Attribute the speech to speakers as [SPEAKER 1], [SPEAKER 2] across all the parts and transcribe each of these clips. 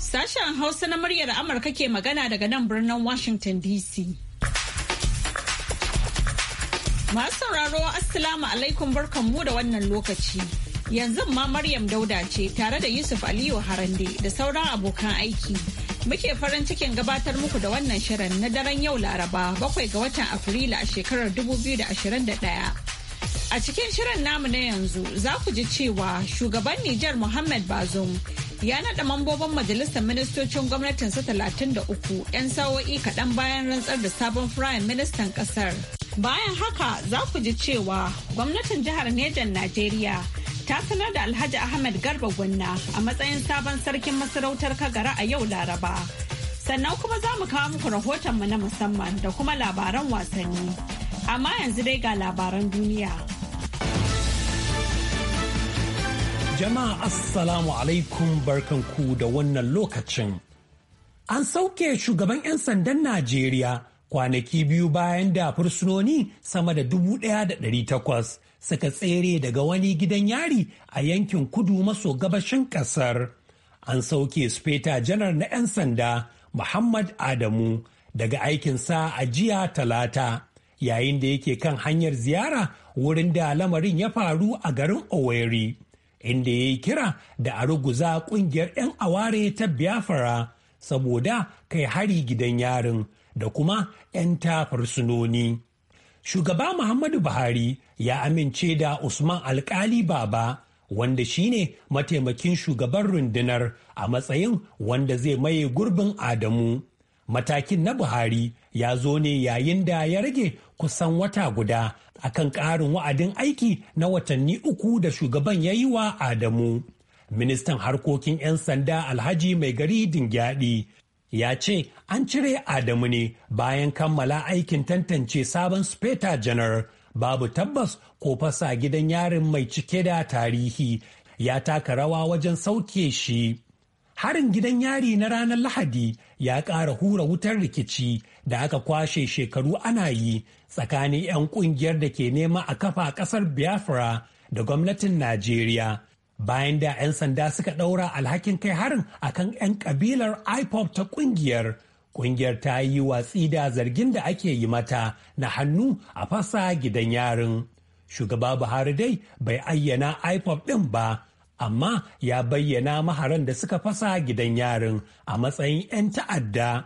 [SPEAKER 1] Sashen Hausa na muryar Amurka ke magana daga nan birnin Washington DC. Masu sauraro Assalamu alaikum barkanmu da wannan lokaci. Yanzu ma Maryam Dauda ce tare da Yusuf Aliyu Harande da sauran abokan aiki. Muke farin cikin gabatar muku da wannan shirin na daren yau Laraba bakwai ga watan Afrilu a shekarar 2021. A cikin shirin namu na yanzu za ku ji cewa shugaban Nijar Muhammad Bazoum ya naɗa mambobin majalisar ministocin gwamnatinsa 33 'yan sawo'i kaɗan bayan rantsar da sabon firayim ministan ƙasar. Bayan haka za ku ji cewa gwamnatin jihar Nejan Najeriya ta sanar da Alhaji Ahmad Garba Gwanna a matsayin sabon sarkin masarautar Kagara a yau Laraba. Sannan kuma za mu kawo muku rahotonmu na musamman da kuma labaran wasanni. Amma yanzu dai ga labaran duniya.
[SPEAKER 2] Jama'a Assalamu alaikum barkanku da wannan lokacin. An sauke shugaban 'yan sandan Najeriya kwanaki biyu bayan da fursunoni sama da dubu ɗaya da ɗari takwas suka tsere daga wani gidan yari a yankin kudu maso gabashin kasar. An sauke speta janar na 'yan sanda Muhammad Adamu daga aikinsa a jiya talata yayin da yake kan hanyar ziyara wurin da lamarin ya faru a garin oweri Inda ya yi kira da a ruguza kungiyar 'yan aware ta Biafra saboda kai hari gidan yarin da kuma 'yan tafarsunoni. fursunoni. Shugaba Muhammadu Buhari ya amince da Usman Alkali Baba wanda shine mataimakin shugaban rundunar a matsayin wanda zai maye gurbin Adamu. Matakin na Buhari ya zo ne yayin da ya rage kusan wata guda akan ƙarin wa'adin aiki na watanni uku da shugaban ya yi wa Adamu. Ministan harkokin 'yan sanda Alhaji Mai Gari Dingyadi ya ce an cire Adamu ne bayan kammala aikin tantance sabon speta janar babu tabbas ko fasa gidan yarin mai cike da tarihi ya taka rawa wajen sauke shi. Harin gidan yari na ranar Lahadi ya ƙara hura wutar rikici da aka kwashe shekaru ana yi tsakanin 'yan ƙungiyar da ke nema a kafa ƙasar Biafra da gwamnatin Najeriya. bayan da 'yan sanda suka ɗaura alhakin kai harin a kan 'yan kabilar ipop ta ƙungiyar ƙungiyar ta yi watsi da zargin da ake yi mata na hannu a fasa gidan yarin shugaba buhari dai bai ayyana ipop ɗin ba amma ya bayyana maharan da suka fasa gidan yarin a matsayin 'yan ta'adda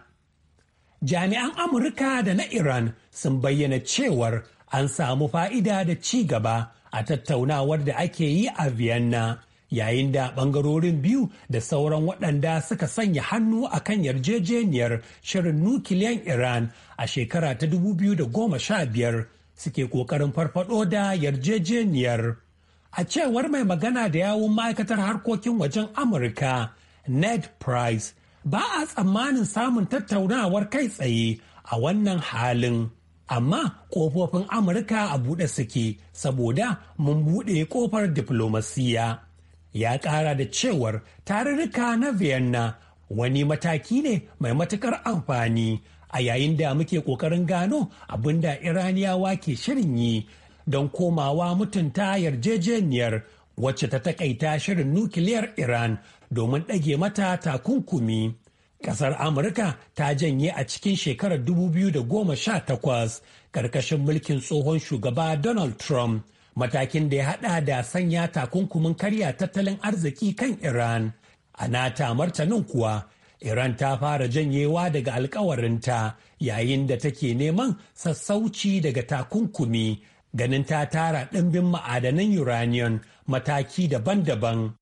[SPEAKER 2] jami'an amurka da na iran sun bayyana cewar an samu fa'ida da ci gaba a tattaunawar da ake yi a vienna yayin da ɓangarorin biyu da sauran waɗanda suka sanya hannu a kan yarjejeniyar shirin nukiliyan iran a shekara ta 2015 suke ƙoƙarin farfaɗo da yarjejeniyar a cewar mai magana da yawun ma'aikatar harkokin wajen amurka ned price ba a tsammanin samun tattaunawar kai tsaye a wannan halin amma ƙofofin amurka a buɗe suke saboda mun buɗe ƙofar diflomasiyya ya ƙara da cewar tarurruka na vienna wani mataki ne mai matukar amfani a yayin da muke ƙoƙarin gano abin da iraniyawa ke shirin yi don komawa mutunta yarjejeniyar wacce ta taƙaita shirin nukiliyar iran domin ɗage mata takunkumi Ƙasar Amurka ta janye a cikin shekarar 2018 ƙarƙashin mulkin tsohon shugaba Donald Trump matakin da ya haɗa da sanya takunkumin karya tattalin arziki kan Iran. A nata martanin kuwa, Iran ta fara janyewa daga alkawarinta yayin da take neman sassauci daga takunkumi ganin ta tara ɗimbin ma'adanan uranium mataki daban-daban.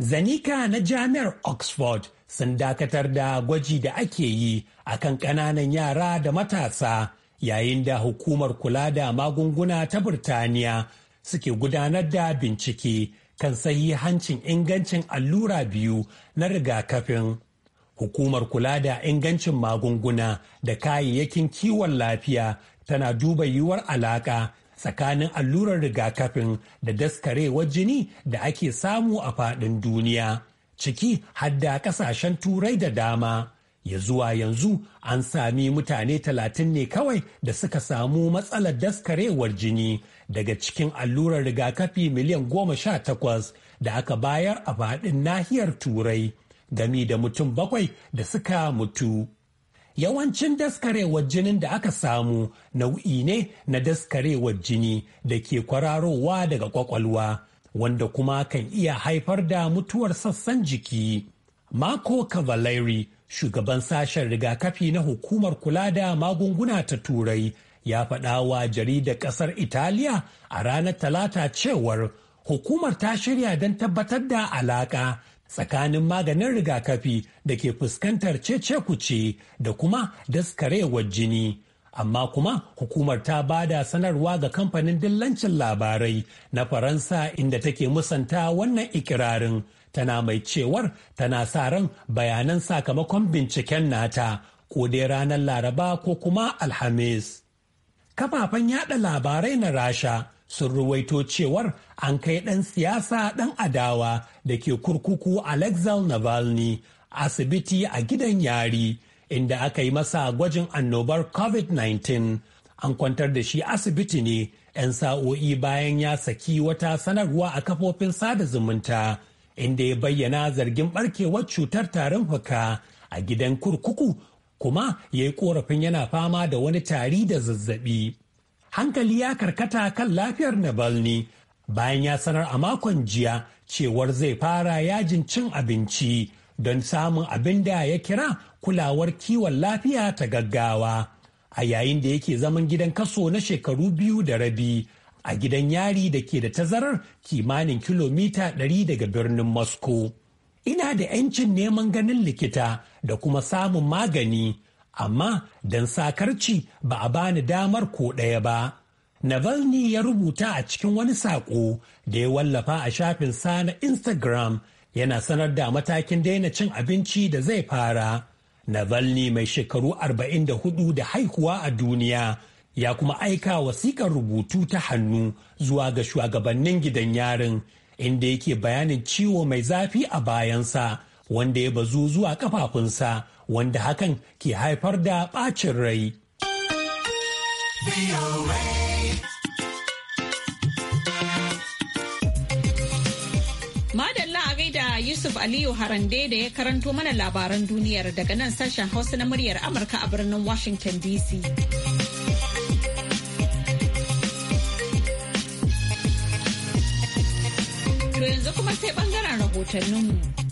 [SPEAKER 2] Zanika na jami'ar Oxford sun dakatar da gwaji da ake yi a kan ƙananan yara da matasa yayin da hukumar kula da magunguna ta Birtaniya suke gudanar da bincike kan sahihancin ingancin allura biyu na rigakafin. Hukumar kula da ingancin magunguna da kayayyakin kiwon lafiya tana duba yiwuwar alaƙa tsakanin allurar rigakafin da daskarewar jini da ake samu a faɗin duniya. ciki hadda kasashen turai da dama ya zuwa yanzu an sami mutane talatin ne kawai da suka samu matsalar daskarewar jini daga cikin allurar rigakafi miliyan goma sha takwas da aka bayar a faɗin nahiyar turai gami da mutum bakwai da suka mutu yawancin daskarewar jinin da aka samu nau'i ne na daskarewar jini da ke kwararowa daga kwakwalwa wanda kuma kan iya haifar da mutuwar sassan jiki. Marco Cavallari, shugaban sashen rigakafi na hukumar kula da magunguna ta Turai, ya faɗa wa jaridar ƙasar Italiya a ranar Talata cewar hukumar ta shirya don tabbatar da alaƙa tsakanin maganin rigakafi da ke fuskantar cece-kuce da kuma daskarewar jini. amma kuma hukumar ta ba da sanarwa ga kamfanin dillancin labarai na faransa inda take musanta wannan ikirarin tana mai cewar tana sa ran bayanan sakamakon binciken nata ko dai ranar laraba ko kuma alhamis kafafen yada labarai na rasha sun ruwaito cewar an kai ɗan siyasa ɗan adawa da ke kurkuku alexal navalny asibiti a gidan yari inda aka yi masa gwajin annobar covid-19 an kwantar da shi asibiti ne 'yan sa'o'i bayan ya saki wata sanarwa a kafofin sada zumunta inda ya bayyana zargin barkewar cutar tarin fuka a gidan kurkuku kuma ya yi korafin yana fama da wani tari da zazzabi hankali ya karkata kan lafiyar navalny bayan ya sanar a makon jiya cewar zai fara yajin cin abinci don samun abin da ya kira kulawar kiwon lafiya ta gaggawa a yayin da yake zaman gidan kaso na shekaru biyu da rabi a gidan yari da ke da tazarar kimanin kilomita 100 daga birnin moscow ina da 'yancin neman ganin likita da kuma samun magani amma don sakarci ba a bani damar ko ɗaya ba navalny ya rubuta a cikin wani saƙo da ya wallafa a shafin sa na instagram yana sanar da matakin daina cin abinci da zai fara. Navalny mai shekaru 44 da haihuwa a duniya ya kuma aika wasiƙar rubutu ta hannu zuwa ga shugabannin gidan yarin inda yake bayanin ciwo mai zafi a bayansa wanda ya bazu zuwa kafafunsa wanda hakan ke haifar da ɓacin rai.
[SPEAKER 1] Madalla Yusuf Aliyu Harande da ya karanto mana labaran duniyar daga nan sashen Hausa na muryar Amurka a birnin Washington DC. To yanzu kuma sai bangaren rahotanninmu.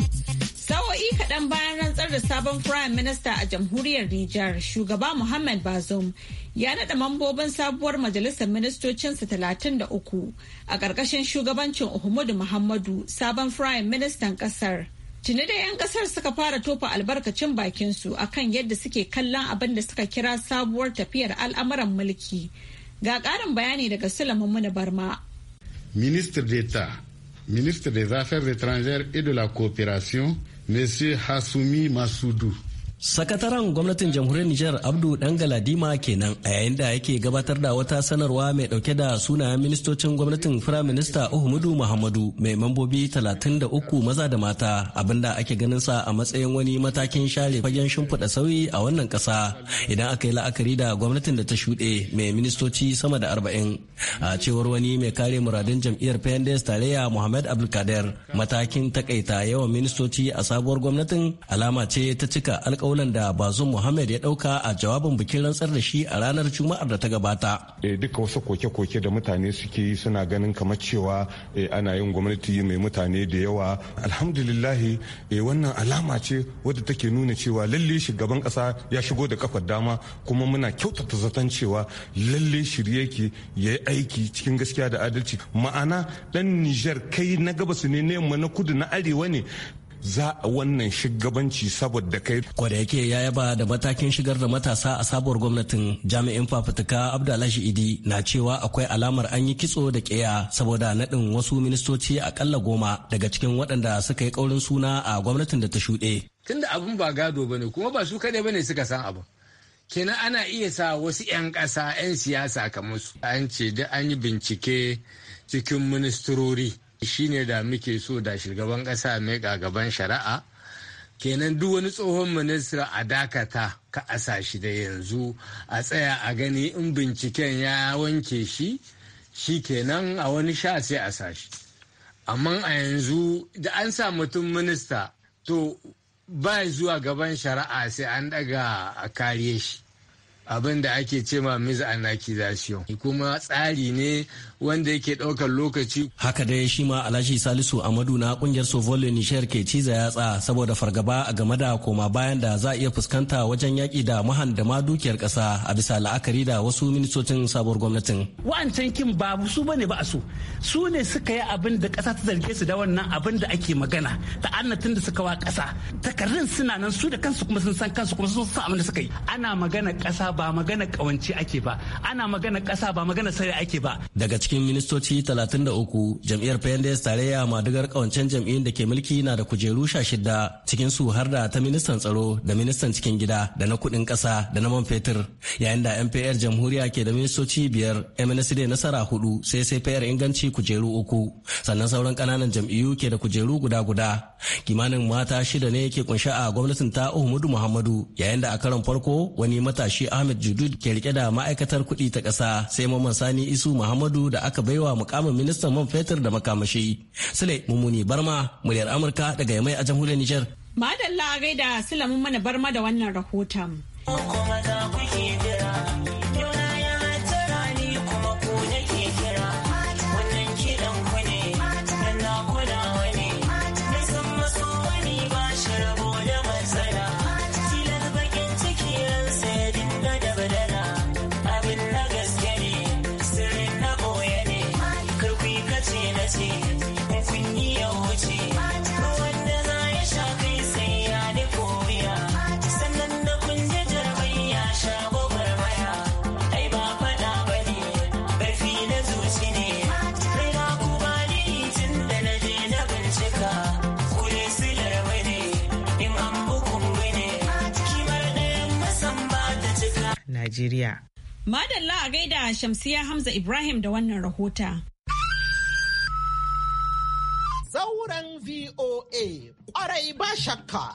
[SPEAKER 1] Sa'o'i kaɗan bayan rantsar da sabon Prime Minister a jamhuriyar Nijar, shugaba Muhammad Bazoum ya naɗa mambobin sabuwar majalisar ministocinsa talatin da uku, a ƙarƙashin shugabancin Uhumudu Muhammadu sabon Prime Ministan ƙasar. Tuni da 'yan ƙasar suka fara tofa albarkacin bakinsu a kan yadda suke kallon abin da suka kira sabuwar tafiyar al'amuran mulki. Ga ƙarin bayani daga Sulaiman Muna Barma.
[SPEAKER 3] Ministre d'État, ministre des Affaires étrangères et de la coopération, Monsieur hasumi masudu. Sakataren gwamnatin jamhuriyar Nijar Abdu Galadima kenan a yayin da yake gabatar da wata sanarwa mai dauke da sunayen ministocin gwamnatin Firaminista Uhumudu Muhammadu mai mambobi 33 maza da mata abinda ake ganin sa a matsayin wani matakin share fagen shimfiɗa sauyi a wannan ƙasa idan aka yi la'akari da gwamnatin da ta shuɗe mai ministoci sama da 40. A cewar wani mai kare muradun jam'iyyar PNDS tarayya Muhammad Abdulkader matakin takaita yawan ministoci a sabuwar gwamnatin alama ce ta cika alƙawarin kaulan da bazum muhammad ya dauka a jawabin bikin rantsar da shi a ranar juma'ar da ta gabata
[SPEAKER 2] eh, duka wasu koke-koke da mutane suke yi suna ganin kamar
[SPEAKER 3] cewa eh, ana yin gwamnati mai mutane da yawa alhamdulillahi eh, wannan alama ce wadda take nuna cewa lalle shugaban kasa ya shigo da kafar dama kuma muna
[SPEAKER 2] kyautata zaton cewa lalle shirye yake ya yi aiki cikin gaskiya da adalci ma'ana dan nijar kai na gabas ne nema na kudu na arewa ne za a wannan shugabanci saboda kai. Kwada yake
[SPEAKER 3] ya yaba da matakin shigar da matasa a sabuwar gwamnatin jami'in fafutuka Abdullahi Idi na cewa akwai alamar an yi kitso da ƙeya saboda naɗin wasu ministoci a akalla goma daga cikin waɗanda suka yi ƙaurin suna a gwamnatin da ta shuɗe.
[SPEAKER 4] Tunda abun ba gado ba ne kuma ba su kaɗai ba ne suka san abu. kenan ana iya sa wasu 'yan ƙasa 'yan siyasa kamar su an ce da an yi bincike cikin ministrori shine da muke so da shugaban ƙasa mai gaban shari'a kenan duk wani tsohon ministra a dakata ka asa shi da yanzu a tsaya a gani in binciken ya wanke shi shi kenan a wani sha sai a sa shi amma a yanzu da an sa mutum minista to ba zuwa gaban shari'a sai an daga a kariye shi abin da ake ce ma misanakization kuma tsari ne wanda yake ɗaukar lokaci. Haka dai shi ma
[SPEAKER 3] Alhaji Salisu Amadu na kungiyar ni Nishiyar ke ciza yatsa saboda fargaba a game da koma bayan da za a iya fuskanta wajen yaƙi da mahan da ma dukiyar ƙasa a bisa la'akari da wasu ministocin sabuwar gwamnatin.
[SPEAKER 4] Wa'ancan kin ba su bane ba a so su ne suka yi abin da ƙasa ta zarge su da wannan abin da ake magana ta annatin da suka wa ƙasa takardun suna nan su da kansu kuma sun san kansu kuma sun san abin da suka yi ana magana ƙasa ba magana ƙawance ake ba ana magana ƙasa ba magana sai ake ba
[SPEAKER 3] daga cikin cikin ministoci 33 jam'iyyar pendes tarayya madigar kawancen jam'iyyun da ke mulki na da kujeru 16 cikin su har da ta ministan tsaro da ministan cikin gida da na kuɗin kasa da na man fetur yayin da NPR jamhuriya ke da ministoci biyar MNSD nasara hudu sai sai fayar inganci kujeru uku sannan sauran kananan jam'iyyu ke da kujeru guda guda kimanin mata shida ne ke kunshe a gwamnatin ta Umudu Muhammadu yayin da a karon farko wani matashi Ahmed Judud ke rike da ma'aikatar kuɗi ta kasa sai Maman Sani Isu Muhammadu da aka baiwa mukamin ministan man fetur da makamashi. Sule Mumuni Barma, muryar Amurka daga Yamai a jamhuriyar Nijar.
[SPEAKER 1] Madalla a gaida Sule mana Barma da wannan rahoton. Najeriya. Madalla a gaida Shamsiya Hamza Ibrahim da wannan rahota. Zauren VOA kwarai ba shakka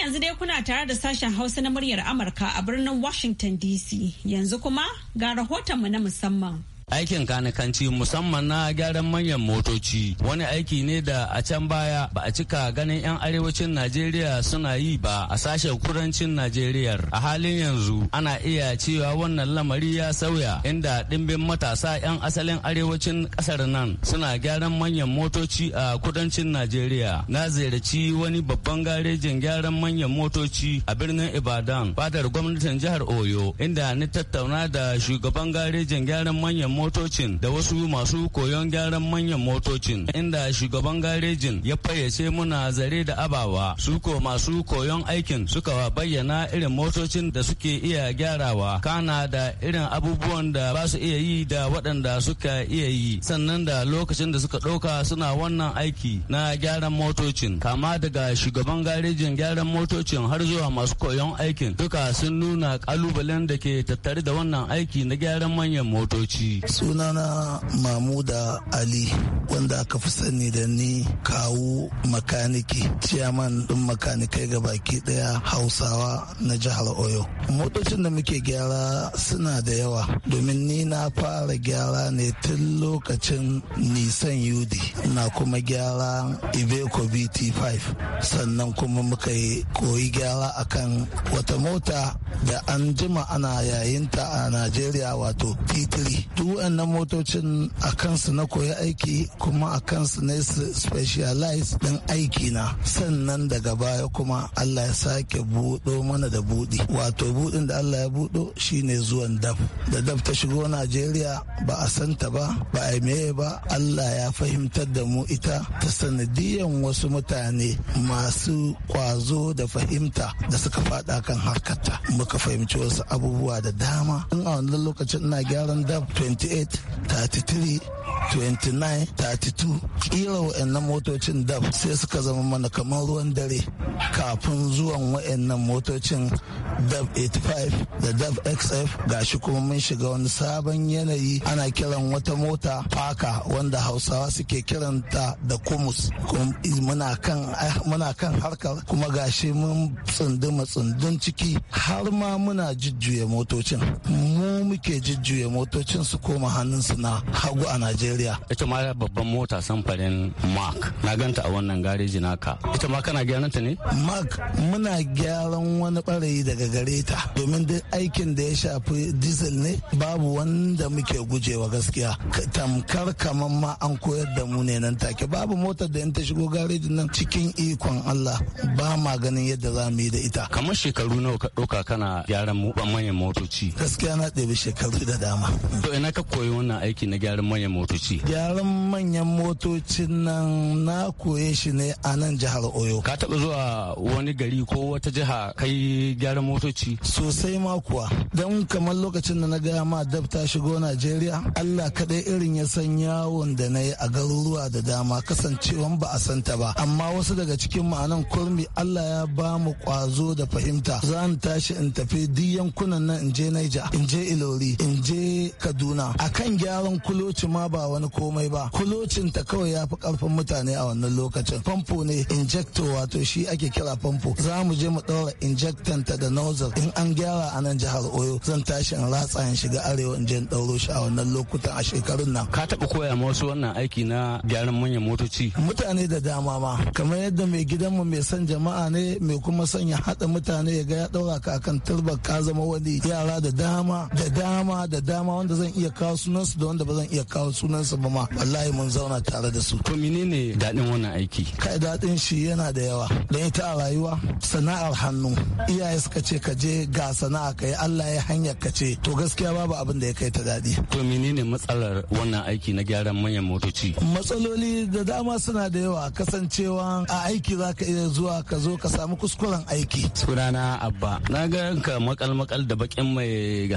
[SPEAKER 1] yanzu dai kuna tare da sashen Hausa na muryar Amurka a birnin Washington DC. Yanzu kuma ga rahotonmu na musamman.
[SPEAKER 4] aikin kanikanci musamman na gyaran manyan motoci wani aiki ne da a can baya ba a cika ganin 'yan arewacin najeriya suna yi ba a sashen kudancin najeriya a halin yanzu ana iya cewa wannan lamari ya sauya inda ɗimbin matasa 'yan asalin arewacin ƙasar nan suna gyaran manyan motoci a kudancin najeriya na ziyarci wani babban garejin gyaran manyan motoci a birnin ibadan fadar gwamnatin jihar oyo inda ni tattauna da shugaban garejin gyaran manyan motocin da wasu masu koyon gyaran manyan motocin inda shugaban garejin ya fayyace muna zare da abawa su ko masu koyon aikin suka bayyana irin motocin da suke iya gyarawa kana da irin abubuwan da ba su iya yi da waɗanda suka iya yi sannan da lokacin da suka ɗauka suna wannan aiki na gyaran motocin kama daga shugaban garejin gyaran motocin har zuwa masu koyon aikin duka sun nuna kalubalen da ke tattare da wannan aiki na gyaran manyan motoci.
[SPEAKER 5] sunana mamuda ali wanda aka fi sani da ni kawo makaniki ciyaman ɗin makanikai ga baki ɗaya hausawa na jihar oyo motocin da muke gyara suna da yawa domin ni na fara gyara ne tun lokacin nisan yudi na kuma gyara ibeco bt5 sannan kuma muka yi koyi gyara akan wata mota da an jima ana yayinta a najeriya wato t3 wa'in na motocin a kansu na koyi aiki kuma a kansu na specialize din aiki na sannan daga baya kuma Allah ya sake buɗo mana da buɗi wato buɗin da Allah ya buɗo shine zuwan daf da daf ta shigo Najeriya ba a santa ba ba a meye ba Allah ya fahimtar da mu ita ta sanadiyan wasu mutane masu kwazo da fahimta da suka fada kan harkata muka fahimci wasu abubuwa da dama in a wannan lokacin ina gyaran daf 28 33 29 32 kila wa'annan motocin dab sai suka zama mana kamar ruwan dare kafin zuwan wa'annan motocin dab 85 da dab xf gashi kuma mun shiga wani sabon yanayi ana kiran wata mota faka wanda hausawa suke kiranta da kumus muna kan harkar kuma gashi mun tsunduma tsundun ciki har ma muna jujjuya motocin mu muke jujjuya motocin su koma su na hagu a najeriya Nigeria.
[SPEAKER 4] ita ma babban mota samfarin Mark na ganta a wannan gareji naka ita ma kana gyaran ta ne
[SPEAKER 5] Mark muna gyaran wani barayi daga gareta. domin duk aikin da ya shafi diesel ne babu wanda muke gujewa gaskiya tamkar kamar ma an koyar da mu ne nan take babu mota da in ta shigo garejin nan cikin ikon Allah ba ma ganin yadda za mu yi da ita
[SPEAKER 4] kamar shekaru nawa ka ɗauka kana gyaran manyan motoci
[SPEAKER 5] gaskiya na ɗebi shekaru da dama
[SPEAKER 4] to ina ka koyi wannan aiki na gyaran manyan motoci motoci
[SPEAKER 5] gyaran manyan motocin nan na koye shi ne a nan jihar oyo
[SPEAKER 4] ka taɓa zuwa wani gari ko wata jiha kai gyaran motoci sosai ma kuwa
[SPEAKER 5] don kamar lokacin da na gaya ma dabta shigo najeriya allah kaɗai irin ya san yawon da na yi a garuruwa da dama kasancewan ba a santa ba amma wasu daga cikin ma'anan kurmi allah ya ba mu ƙwazo da fahimta za in tashi in tafi duk yankunan nan in je Niger, in je ilori in je kaduna akan gyaran kuloci ma ba wani komai ba kulocin ta kawai ya fi karfin mutane a wannan lokacin famfo ne injector wato shi ake kira famfo za mu je mu ɗaura injector ta da nozzle in an gyara a nan jihar oyo zan tashi in ratsa in shiga arewa in je in ɗauro shi a wannan lokutan a shekarun nan
[SPEAKER 4] ka taɓa koya ma wasu wannan aiki na gyaran manyan motoci
[SPEAKER 5] mutane da dama ma kamar yadda mai gidanmu mai san jama'a ne mai kuma son ya haɗa mutane ya ga ya ɗaura ka akan turbar ka zama wani yara da dama da dama da dama wanda zan iya kawo sunansu da wanda ba zan iya kawo sunansu sunansa ba ma wallahi mun zauna tare da su to menene daɗin wannan aiki kai daɗin shi yana da yawa don ita a rayuwa sana'ar hannu iyaye suka ce ka je ga sana'a kai Allah ya hanyar ka ce to gaskiya babu abin da ya kai ta daɗi
[SPEAKER 4] to menene matsalar wannan aiki na gyaran manyan motoci
[SPEAKER 5] matsaloli da dama suna da yawa kasancewa a aiki za ka iya zuwa ka zo ka samu kuskuren aiki sunana abba
[SPEAKER 4] na ga ka makal makal da bakin mai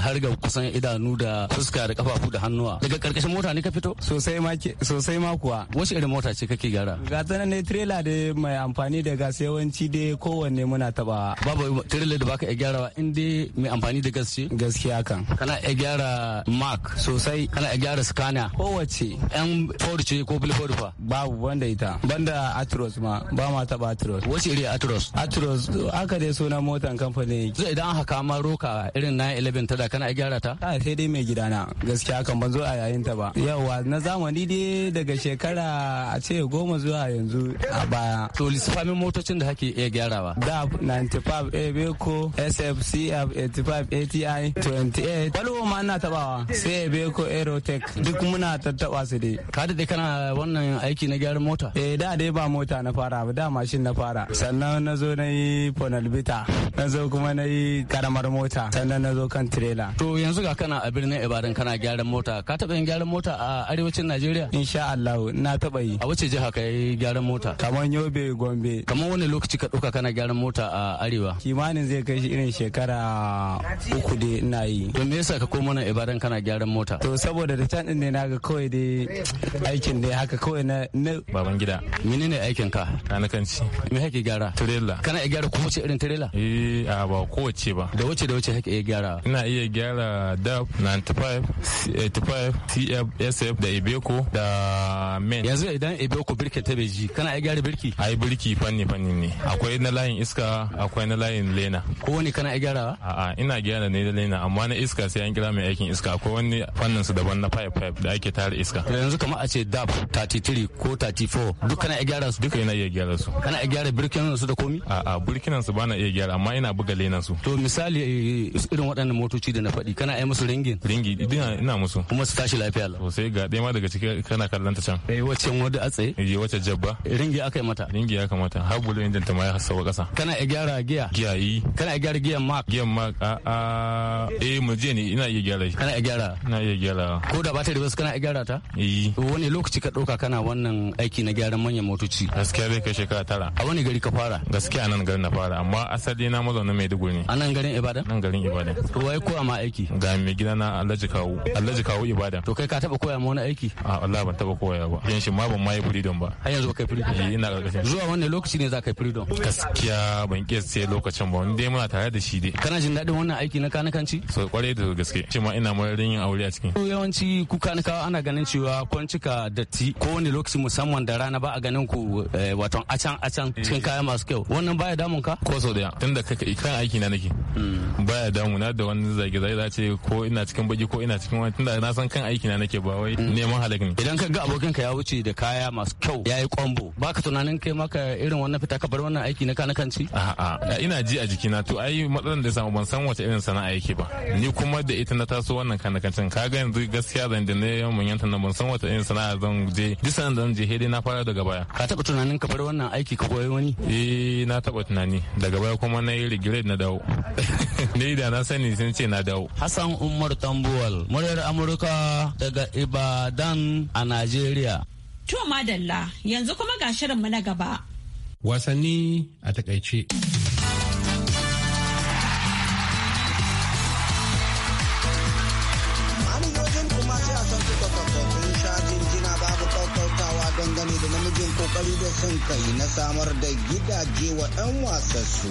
[SPEAKER 4] har ga kusan idanu da fuska da kafafu da hannuwa daga karkashin mota ne ka fito fito sosai ma sosai ma kuwa wasu irin mota ce kake gyara
[SPEAKER 6] ga ta ne trailer da mai amfani da gas yawanci dai kowanne muna taba
[SPEAKER 4] babu trailer da baka gyara gyarawa in dai mai amfani da gas ce gaskiya kan kana iya gyara mark sosai kana iya gyara scania kowace yan ford ce ko ford fa babu banda
[SPEAKER 6] ita banda atros ma ba ma taba atros
[SPEAKER 4] wasu iri atros atros aka dai sunan motan kamfanin yake idan aka kama roka irin 911 tada kana iya gyara ta ah, sai dai mai gidana
[SPEAKER 6] gaskiya kan ban zo a yayin ta ba yawa yawa na zamani dai daga shekara a ce goma zuwa yanzu
[SPEAKER 4] a baya So lissafamin motocin da hake iya gyarawa DAP 95
[SPEAKER 6] abeko sfcf 85 ati 28 balwo ma ina tabawa sai abeko aerotech duk muna tattaba su dai
[SPEAKER 4] ka daɗe kana wannan aiki na gyaran mota
[SPEAKER 6] eh da dai ba mota na fara ba da mashin na fara sannan na zo na yi Ponalbita. na zo kuma na yi karamar mota sannan na zo kan trailer
[SPEAKER 4] to yanzu ga kana a birnin ibadan kana gyaran mota ka taɓa yin gyaran mota a arewacin Najeriya? Insha Allah na taɓa yi. A wace jiha ka yi gyaran mota? Kamar Yobe, Gombe. Kamar wani lokaci ka ɗauka kana gyaran mota a arewa? Kimanin zai kai shi irin shekara uku dai ina yi. To me yasa ka koma nan Ibadan kana gyaran mota?
[SPEAKER 6] To saboda da can ne na ga kawai dai aikin dai haka kawai na
[SPEAKER 7] baban gida. ne aikin ka? ci. Me kake gyara? Tirela. Kana iya gyara kowace irin tirela? Eh a ba kowace ba. Da wace da wace kake iya gyara? Ina iya gyara DAP 95, 85, CF, SF da ibeko da men yanzu idan ibeko birke ta bai ji kana ai gyara birki ai birki fanni fanni ne akwai na layin iska akwai na layin lena
[SPEAKER 4] ko wani kana ai A
[SPEAKER 7] a'a ina gyara ne da lena amma na iska sai an kira mai aikin iska akwai wani fannin su daban na pipe pipe da ake tare iska to
[SPEAKER 4] yanzu kamar a ce dab 33 ko 34 duk
[SPEAKER 7] kana ai gyara su duka ina iya gyara su kana ai gyara birkin su da komi a'a birkinan su bana iya gyara amma ina buga lena su to misali eh, irin waɗannan motoci da na faɗi kana ai musu ringin ringi ina musu kuma su tashi lafiya lau sai ga daɗe ma daga ciki kana kallon ta can eh wacce wadda a tsaye eh wacce jabba ringi aka yi mata ringi aka mata har bulo injin ta ma ya hasawa kasa
[SPEAKER 4] kana iya gyara giya giya yi eh.
[SPEAKER 7] kana iya gyara giyan mark giyan mark a a eh mu je ne ina iya gyara shi kana iya gyara ina iya gyara
[SPEAKER 4] ko da ta reverse kana iya gyara ta eh wani lokaci ka ɗauka kana wannan aiki na gyaran
[SPEAKER 7] manyan motoci gaskiya zai kai shekara tara a wani gari ka fara gaskiya nan garin na fara amma asali na mazaunin maiduguri ne a nan garin ibada nan garin ibada to wai koya ma aiki ga mai gidana alhaji Kawu. alhaji Kawu ibada to kai ka taɓa koya ma wani aiki a Allah ban taba koya ba yan shi ma ban ma yi freedom ba har yanzu ba
[SPEAKER 4] kai freedom eh ina karkashin zuwa wannan lokaci ne za kai freedom
[SPEAKER 7] gaskiya ban sai lokacin ba dai
[SPEAKER 4] muna tare da shi dai kana jin dadin wannan aiki na kanakanci so kware da gaske shi ma ina mararin yin aure a cikin yawanci ku kanakawa ana ganin cewa kun cika datti ko wani lokaci musamman da rana ba a ganin ku eh, wato a can a can eh. cikin kaya masu kyau wannan baya damun ka ko
[SPEAKER 7] so daya tunda kaka ikan aiki na nake hmm. baya damuna da wani zage zage za ce ko ina cikin baki ko ina cikin wani tunda na san kan aiki na nake ba wai Mm. neman halak idan ka ga abokin ka ya wuce da kaya masu kyau
[SPEAKER 4] ya yi kwambo ka tunanin kai maka irin wannan fita ka bar wannan aiki na kana kanci a'a
[SPEAKER 7] ina ji a jikina to ai matsalar da samu ban san wace irin sana'a yake ba ni kuma da ita na taso wannan kana kancin ka ga yanzu gaskiya zan da ne mun yanta na ban san wace irin sana'a zan je duk sanan zan je hede na fara daga baya
[SPEAKER 4] ka taba tunanin ka bar wannan aiki ka koyi wani
[SPEAKER 7] eh na taba tunani daga baya kuma na yi regret na
[SPEAKER 4] dawo ne da na sani sun ce na dawo Hassan Umar Tambuwal muryar Amurka daga Iba Ibadan a Najeriya.
[SPEAKER 1] To madalla yanzu kuma ga shirinmu na gaba.
[SPEAKER 4] Wasanni a takaice.
[SPEAKER 8] kokari da sun kai na samar da gidaje wa 'yan wasassu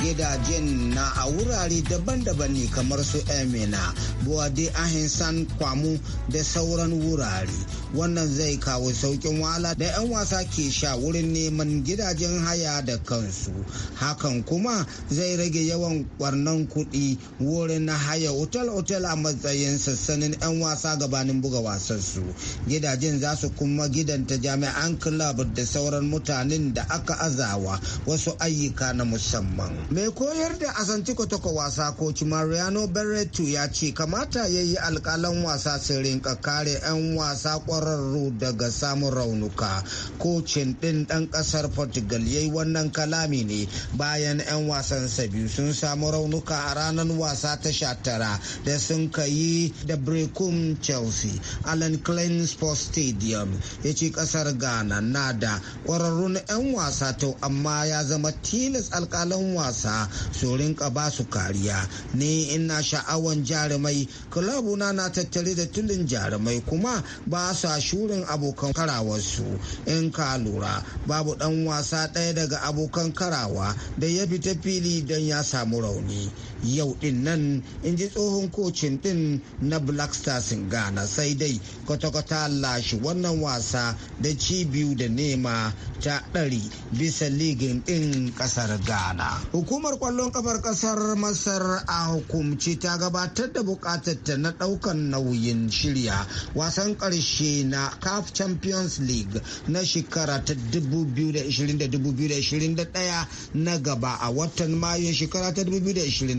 [SPEAKER 8] gidajen na a wurare daban-daban ne kamar su emina buwade ahinsan kwamu da sauran wurare wannan zai kawo saukin wahala da 'yan wasa ke sha wurin neman gidajen haya da kansu hakan kuma zai rage yawan barnan kuɗi wurin na haya otal-otal a matsayin sassanin 'yan wasa gabanin buga wasansu gidajen za su kuma gidanta jami'an club da sauran mutanen da aka azawa wasu ayyuka na musamman mai koyar da asanti kwatako wasa koci mariano berretu ya ce kamata ya yi alkalan wasa su rinka kare 'yan wasa kwararru daga samun raunuka kocin ɗin ɗan ƙasar portugal ya yi wannan kalami ne bayan 'yan wasan biyu sun samu raunuka a ranar wasa ta sha tara da sun kayi da brecum chelsea allen klein sports stadium ya ce ƙasar ghana na da ƙwararrun 'yan wasa to amma ya zama tilas alƙalan wasa su rinka ba su kariya ni ina sha'awan jarumai kulabuna na tattare da tulin jarumai kuma ba su shurin abokan karawarsu in ka lura babu dan wasa ɗaya daga abokan karawa da ya fita fili don ya samu rauni yau din nan in ji tsohon kocin din na black stars ghana sai dai kwata-kwata lashe wannan wasa da cibiyu da nema ta ɗari bisa ligin din kasar ghana hukumar kwallon kafar ƙasar masar a hukumci ta gabatar da buƙatar ta na ɗaukan nauyin shirya wasan ƙarshe na caf champions league na shekara ta 2020-2021 na gaba a watan mayun shekara ta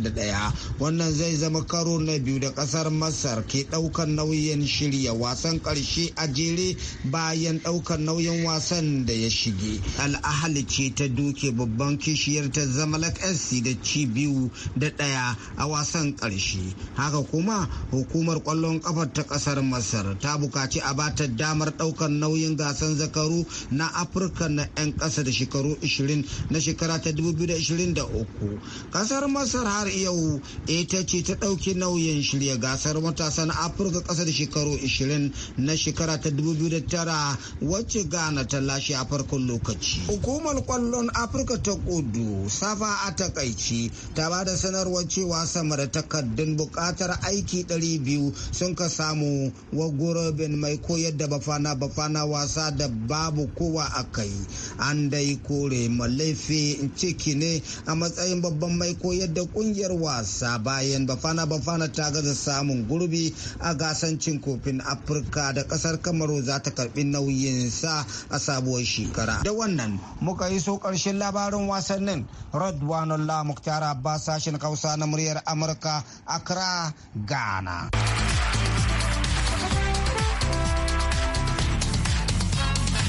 [SPEAKER 8] da wannan zai zama karo na biyu da ƙasar masar ke ɗaukar nauyin shirya wasan ƙarshe a jere bayan ɗaukar nauyin wasan da ya shige al'ahali ce ta duke babban kishiyar ta zamalak sc da ci biyu da ɗaya a wasan ƙarshe haka kuma hukumar ƙwallon ƙafar ta ƙasar masar ta buƙaci a bata damar ɗaukar nauyin gasan zakaru na afirka na 'yan ƙasa da shekaru 20 na shekara ta 2023 ƙasar masar har yau ita ce ta ɗauki nauyin shirya gasar matasan afirka ƙasar da shekaru 20 na shekara ta 2009 wacce gana ta lashe a farkon lokaci hukumar kwallon afirka ta kudu safa a takaici ta ba da sanarwar cewa sama da takardun buƙatar aiki 200 sun ka samu wa gurbin mai koyar da bafana bafana wasa da babu kowa a kai an dai kore malafi ciki ne a matsayin babban mai koyar da ƙungiyar kakar wasa bayan bafana bafana ta gaza samun gurbi a gasan cin kofin afirka da kasar kamaru za ta karbi sa a sabuwar shekara da wannan muka yi so karshen labarin wasannin rodwanullah muktar abbas sashen kausa na muryar amurka accra ghana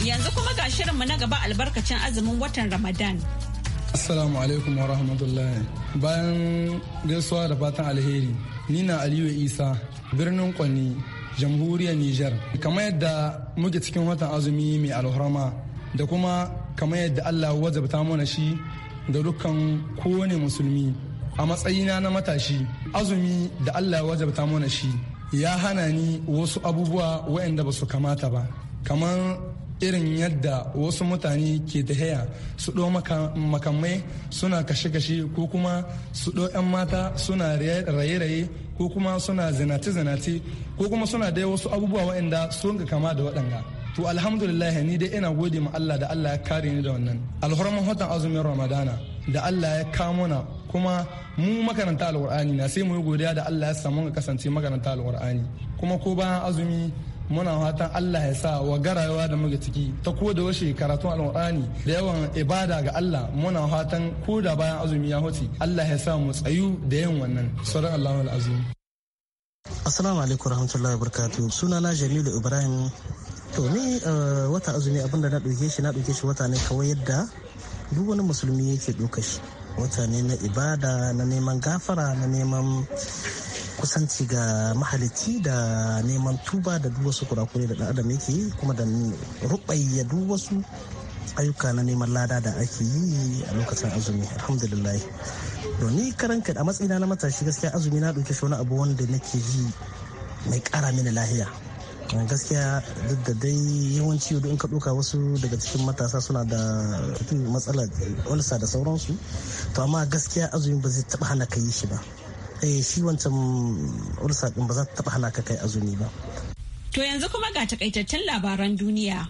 [SPEAKER 1] yanzu kuma ga shirinmu na gaba albarkacin azumin watan ramadan
[SPEAKER 9] Assalamu alaikum wa rahmatullahi. Bayan gaisuwa da fatan alheri, ni na Aliyu Isa, birnin Kwani, jamhuriyar Nijar. Kamar yadda muke cikin watan azumi mai alhurama da kuma kamar yadda Allah wajabta mana shi da dukkan kowane musulmi. A matsayina na matashi, azumi da Allah wajabta mana shi ya hana ni wasu abubuwa waɗanda ba su kamata ba. Kamar irin yadda wasu mutane ke tahiya su ɗo makamai suna kashe-kashe ko kuma su ɗo 'yan mata suna raye-raye ko kuma suna zinace-zinace ko kuma suna dai wasu abubuwa waɗanda sun ga kama da waɗanda. to alhamdulillah ni dai ina gode ma Allah da Allah ya kare ni da wannan alhurman hotan azumin ramadana da Allah ya kamo na kuma mu makaranta alkurani na sai mu yi godiya da Allah ya samu ga kasance makaranta alkur'ani kuma ko bayan azumi muna fatan Allah ya sa wa garayewa da muke ciki ta ko da washe karatun alkur'ani da yawan ibada ga Allah muna fatan ko da bayan azumi ya huce Allah ya sa mu tsayu da yin wannan sauran Allahul azim
[SPEAKER 3] Assalamu alaikum warahmatullahi wabarakatuh sunana Jamilu Ibrahim to ni eh, wata azumi abinda na ɗauke shi na ɗauke shi wata ne kawai yadda duk wani musulmi yake ɗauka shi wata ne na ibada na neman gafara na neman kusanci ga mahalicci da neman tuba da duk wasu kurakure da adam yake kuma da ruɓayya duk wasu ayyuka na neman lada da ake yi a lokacin azumi alhamdulillah to ni karanka a matsayina na matashi gaskiya azumi na dauke shi wani abu wanda nake ji mai kara mini lahiya gaskiya duk da dai yawanci in ka ɗauka wasu daga cikin matasa suna da matsalar ulsa da sauransu to amma gaskiya azumi ba zai taɓa hana ka yi shi ba Eh, shi wancan ursa din ba za ta taba halaka kai azumi ba
[SPEAKER 1] to yanzu kuma ga takaitaccen labaran duniya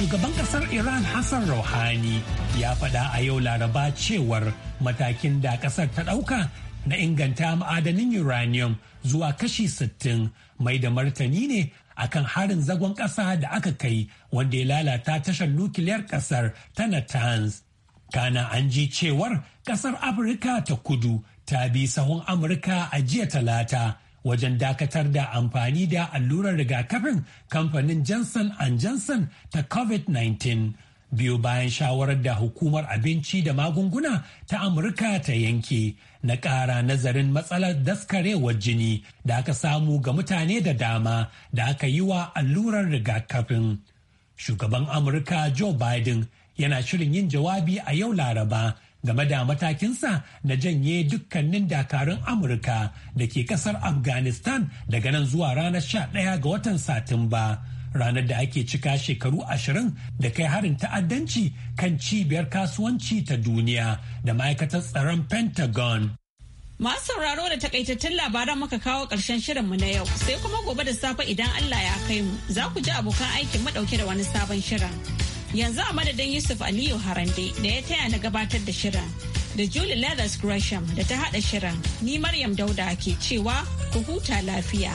[SPEAKER 2] shugaban kasar iran hassan rouhani ya faɗa a yau laraba cewar matakin da kasar ta ɗauka na inganta ma'adanin uranium zuwa kashi 60 mai da martani ne akan harin zagon ƙasa da aka kai wanda ya lalata tashar nukiliyar ƙasar ta Natanz. Kana an ji cewar ƙasar Afirka ta kudu ta bi sahun Amurka a jiya talata wajen dakatar da amfani da allurar rigakafin kamfanin Johnson Johnson ta COVID-19. biyu bayan shawarar da hukumar abinci da magunguna ta amurka ta yanke na ƙara nazarin matsalar daskarewar jini da aka samu ga mutane da dama da aka yi wa allurar rigakafin. Shugaban Amurka Joe Biden yana shirin yin jawabi a yau Laraba game da matakinsa na janye dukkanin dakarun Amurka da ke ƙasar Afghanistan daga nan zuwa ranar 11 ga watan Satumba. ranar da ake cika shekaru ashirin da kai harin ta'addanci kan cibiyar kasuwanci ta duniya da ma'aikatar tsaron pentagon
[SPEAKER 1] masu sauraro da takaitattun labaran muka kawo karshen shirinmu na yau sai kuma gobe da safe idan allah ya kai mu za ku ji abokan aikin madauke da wani sabon shirin yanzu a madadin yusuf aliyu harande da ya taya na gabatar da shirin da julie leathers gresham da ta hada shirin ni maryam dauda ke cewa ku huta lafiya